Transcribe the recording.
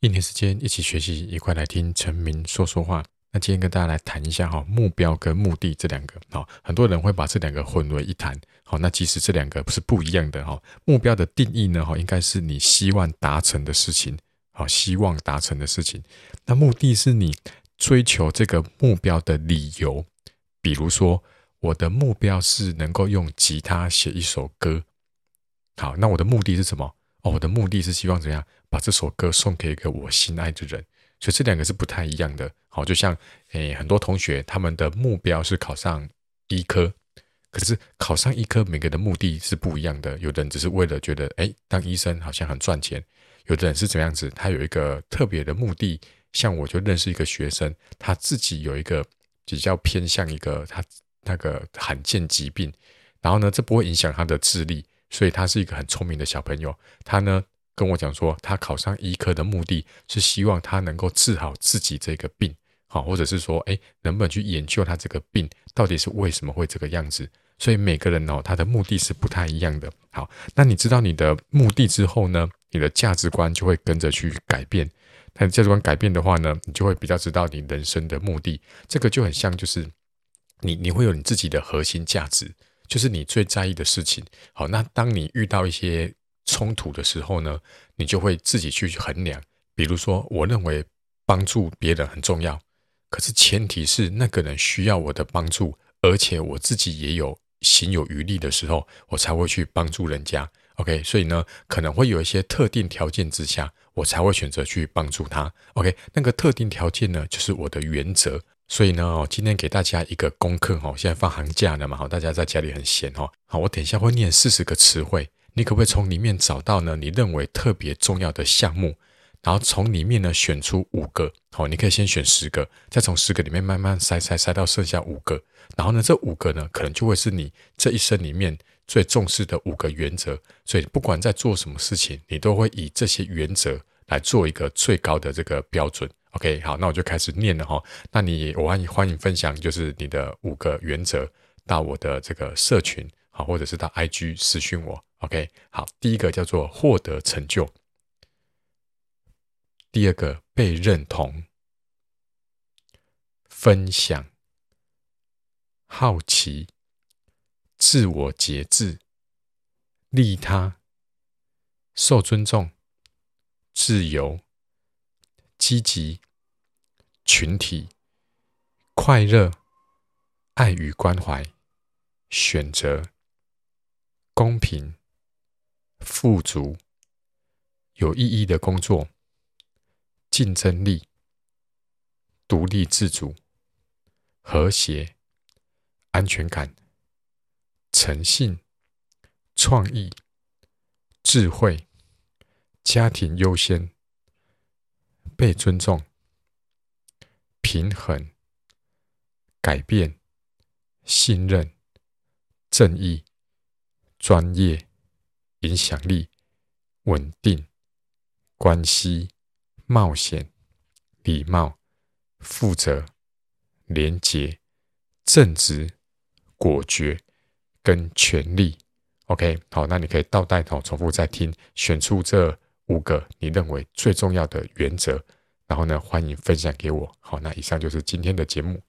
一年時間，一起學習，一塊來聽陳明說說話。那今天跟大家來談一下哈，目標跟目的這兩個。好，很多人會把這兩個混為一談。好，那其實這兩個不是不一樣的哈。目標的定義呢，哈，應該是你希望達成的事情。好，希望達成的事情。那目的是你追求這個目標的理由。比如說，我的目標是能夠用吉他寫一首歌。好，那我的目的是什麼？哦，我的目的是希望怎樣把這首歌送給一個我心愛的人，所以這兩個是不太一樣的。好、哦，就像誒，很多同學他們的目標是考上醫科，可是考上醫科每個人的目的是不一樣的。有的人只是為了覺得，哎，當醫生好像很賺錢；有的人是怎樣子，他有一個特別的目的。像我就認識一個學生，他自己有一個比較偏向一個他那個罕見疾病，然後呢，這不會影響他的智力。所以他是一個很聰明的小朋友，他呢跟我講說，他考上醫科的目的是希望他能夠治好自己這個病，好，或者是說，哎，能不能去研究他這個病到底是為什麼會這個樣子？所以每個人呢，哦，他的目的是不太一樣的。好，那你知道你的目的之後呢，你的價值觀就會跟着去改變。那你價值觀改變的話呢，你就會比較知道你人生的目的。這個就很像就是你你會有你自己的核心價值。就是你最在意的事情。好，那當你遇到一些衝突的時候呢，你就會自己去衡量。比如說，我認為幫助別人很重要，可是前提是那個人需要我的幫助，而且我自己也有心有餘力的時候，我才會去幫助人家。OK，所以呢，可能會有一些特定條件之下，我才會選擇去幫助他。OK，那個特定條件呢，就是我的原則。所以呢，今天給大家一個功課哈，現在放寒假了嘛，好，大家在家裡很閒哈，好，我等一下會念四十個詞彙，你可不可以從裡面找到呢？你認為特別重要的項目，然後從裡面呢選出五個，好，你可以先選十個，再從十個裡面慢慢篩篩篩到剩下五個，然後呢，這五個呢，可能就會是你這一生裡面最重視的五個原則，所以不管在做什麼事情，你都會以這些原則來做一個最高的這個標準。OK，好，那我就開始念了哈。那你我歡迎歡迎分享，就是你的五個原則到我的這個社群，好，或者是到 IG 私訊我。OK，好，第一個叫做獲得成就，第二個被認同、分享、好奇、自我節制、利他、受尊重、自由、積極。群體、快樂、愛與關懷、選擇、公平、富足、有意義的工作、競爭力、獨立自主、和諧、安全感、誠信、創意、智慧、家庭優先、被尊重。平衡、改變、信任、正義、專業、影響力、穩定、關係、冒險、禮貌、負責、廉潔、正直、果決跟權利，OK，好，那你可以倒帶，頭，重複再聽，選出這五個你認為最重要的原則。然後呢，歡迎分享給我。好，那以上就是今天的節目。